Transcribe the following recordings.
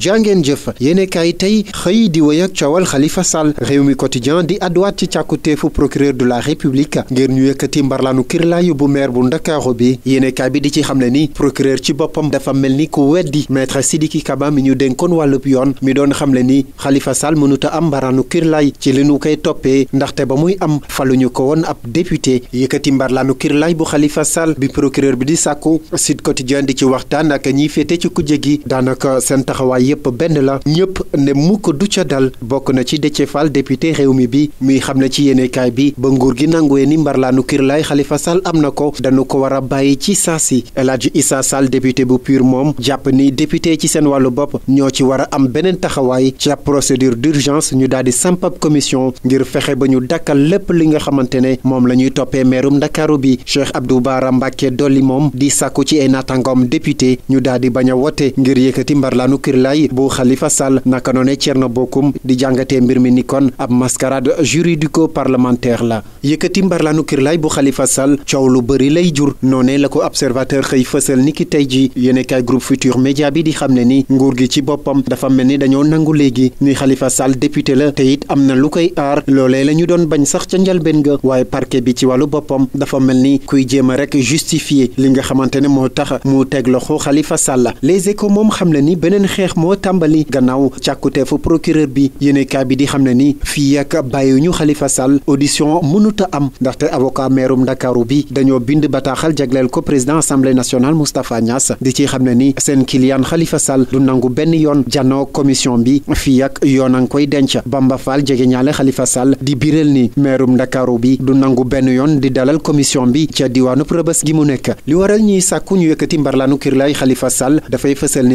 jàngeen jëf yéenekaay tey xëy di wéy ak coowal xalifa Sall réew mi quotidien di adduwaat ci càkkutéefu procureur de la république ngir ñu yëkkati mbarlaanu kirlaayu bu meer bu ndakaaru bi yéenekaay bi di ci xamle ni procureur ci boppam dafa mel ni ku weddi maître Sidiki Kaba mi ñu denkoon wàllub yoon mi doon xamle ni Khalifa Sall mënuta am mbaraanu kirlaay ci li nu koy toppee ndaxte ba muy am falu ñu ko woon ab député yëkkati mbarlaanu kirlaay bu Khalifa Sall bi procureur bi di sàkku Sud Quotidien di ci waxtaan ak ñiy féete ci kujje gi daanaka seen taxawaay yëpp benn la ñëpp ne mukk du ca dal bokk na ci Déthié Fall député réew mi bi muy xam ne ci yéenekaay bi ba nguur gi nanguwee ni mbarlaanu kir laay Xalifa Sall am na ko dañu ko war a bàyyi ci saa si El Hadji Issa Sall député bu piir moom jàpp ni député ci seen wàllu bopp ñoo ci war a am beneen taxawaay ci procédure d'urgence ñu daal di samp ab ngir fexe ba ñu dakkal lépp li nga xamante ne moom la ñuy toppee meerum ndakaaru bi Cheikh Abdou Bara Mbacke dolli moom di sàkku ci ay naataangoom député ñu daal bañ a wote ngir yëkkati mbarlaanu kir laay njaay bu Khalifa Sall naka noone Thierno Bokum di jàngatee mi ni kon ab mascarade juridico parlementaire la yëkkati mbarlaanu kirlaay bu Khalifa Sall coow lu bari lay jur noone la ko observateur xëy fësal ni tey ji yéenekaay groupe Futur Média bi di xam ne ni nguur gi ci boppam dafa mel ni dañoo nangu léegi ni xalifa Sall député la te it am na lu koy aar loole la ñu doon bañ sax ca njalbeen ga waaye parke bi ci wàllu boppam dafa mel ni kuy jéem a rek justifier li nga xamante ne moo tax mu teg loxo Khalifa Sall les échos moom xam ni beneen xeex moo tàmbali gannaaw càkkuteefu procureur bi yéenekaay bi di xam ne ni fii ak bàyyiwuñu Khalifa Sall audition mënuta am ndaxte avocat meerum Ndakaaru bi dañoo bind bataaxal jagleel ko président assemblée nationale Moustapha Niass di ci xam ne ni seen kiliyaan Khalifa Sall du nangu benn yoon janoo commission bi fii ak yoon ngi koy denc Bamba Fall jege ñaale Khalifa Sall di biral ni meerum Ndakaaru bi du nangu benn yoon di dalal commission bi ca diwaanu Rëbës gi mu nekk li waral ñiy sàkku ñu yëkkati mbarlaanu kirlaay Khalifa Sall dafay fësal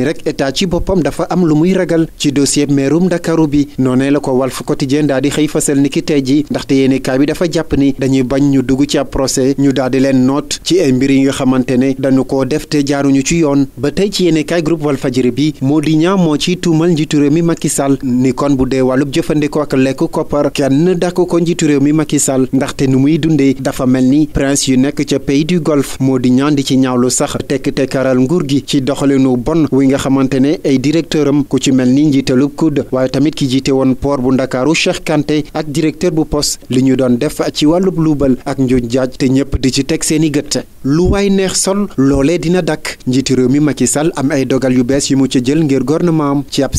dafa am lu muy ragal ci dossier meerum ndakaaru bi noonee la ko Walf Quotidien daal di xëy fasal ni ki tey ji ndaxte yéenekaay bi dafa jàpp ni dañuy bañ ñu dugg ci ab procès ñu daal di leen noot ci ay mbir yi nga xamante ne dañu koo def te jaaruñu ci yoon ba tey ci yéenekaay groupe Walfadjri bi moo di ñaa moo ciy tuumal njiitu réew mi Macky Sall ni kon bu dee wàllub jëfandikoo ak lekk koppar kenn dàkk ko njiitu réew mi Macky Sall ndaxte ni muy dundee dafa mel ni prince yu nekk ca pays du moo di ñaan di ci ñaawlu sax tekk tekkaral nguur gi ci doxalinu bon wi nga xamante ne directeur ku ci mel ni njiitalu COUD waaye tamit ki jiite woon port bu ndakaaru Cheikh ak directeur bu poste li ñu doon def ci wàllu luubal ak njuuj njaaj te ñëpp di ci teg seeni gët lu waay neex sol loolee dina dakk njiitu réew mi Macky Sall am ay dogal yu bees yu mu ca jël ngir gouvernement ci ab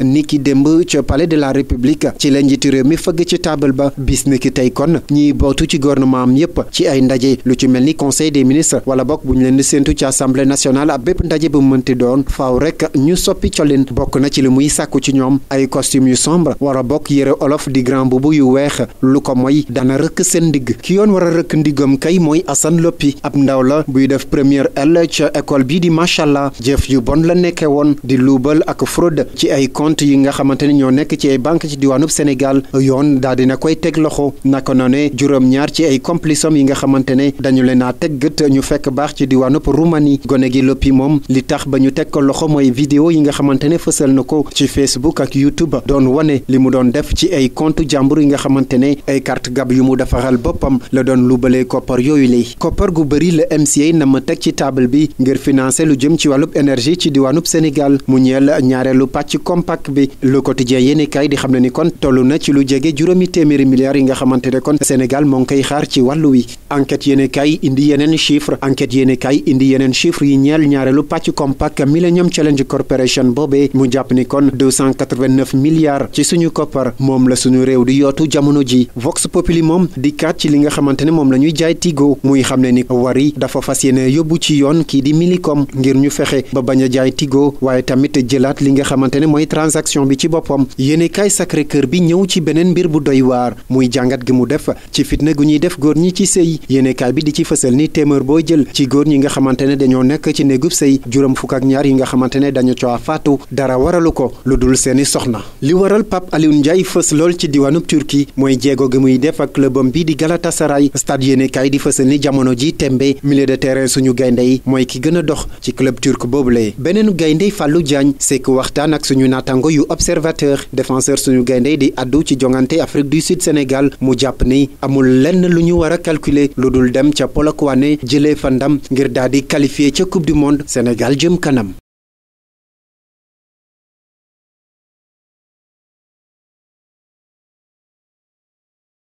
ni ki démb ca palais de la république ci la njiitu mi fëgg ci taabal ba bis tey kon ñiy bootu ci gouvernement am yépp ci ay ndaje lu ci mel ni conseil des ministres wala bokk bu ñu leen di séentu ca assemblée nationale ab bépp ndaje bu mënti doon faaw rek ñu soppi colin bokk na ci li muy sàkku ci ñoom ay costume yu sombre wara bokk yëre olof di grand yu weex lu ko moy dana rëkk seen ndigg ki yoon war a rëkk ndiggam mooy Assane Loppi ab ab ndaw la buy def première L ca école bii di machallah jëf yu bon la nekkee woon di luubal ak fraude ci ay compte yi nga xamante ni ñoo nekk ci banque ci diwaanub Sénégal yoon daal dina koy teg loxo naka noone juróom ci ay complice yi nga xamante ne dañu leen a teg gët ñu fekk baax ci diwaanub Roumanie gone gi loppi moom li tax ba ñu teg ko loxo mooy vidéo yi nga xamante ne fësal na ko ci Facebook ak YouTube doon wane li mu doon def ci ay compte jàmbur yi nga xamante ne ay carte gab yu mu defaral boppam la doon luubalee koppar yooyu lay bëri la MCA na ma teg ci table bi ngir financer lu jëm ci wàllub énergie ci diwaanub Sénégal mu ñeel ñaareelu pàcc compact bi le quotidien yéeni kaay di xam ni kon toll na ci lu jege juróomi téeméeri milliards yi nga xamante ne kon Sénégal moo ngi xaar ci wàllu wi enquête yéeni indi yeneen chiffre enquête yéeni indi yeneen chiffre yi ñeel ñaareelu pàcc compact Millennium Challenge Corporation boobee mu jàpp ni kon milliards ci suñu koppar Wari dafa fas yéene yóbbu ci yoon kii di Millicom ngir ñu fexe ba bañ a jaay Tigo waaye tamit jëlaat li nga xamante ne mooy transaction bi ci boppam yéene kaay Sacré-Cœur bi ñëw ci beneen mbir bu doy waar muy jàngat gi mu def ci fitna gu ñuy def góor ñi ci sëy yéene bi di ci fësal ni téeméer boo jël ci góor ñi nga xamante ne dañoo nekk ci néegub sëy juróom fukk ak ñaar yi nga xamante ne dañu coo faatu dara waralu ko lu dul seeni soxna li waral Pape Alioune Ndiaye fës lool ci diwaanub Turquie mooy jéego gi di Galatasaray stade yéene kaay di fësal ni jamono tembe milieu de terrain suñu gaynde yi mooy ki gën a dox ci club turc boobule beneen gaynde Fallou Diagne sekk waxtaan ak suñu naataango yu observateur défenseur suñu gaynde di addu ci jongante Afrique du Sud Sénégal mu jàpp ni amul lenn lu ñu war a calculer lu dul dem ca Polokwane jëlee fa ndam ngir daal di qualifier ca coupe du monde Sénégal jëm kanam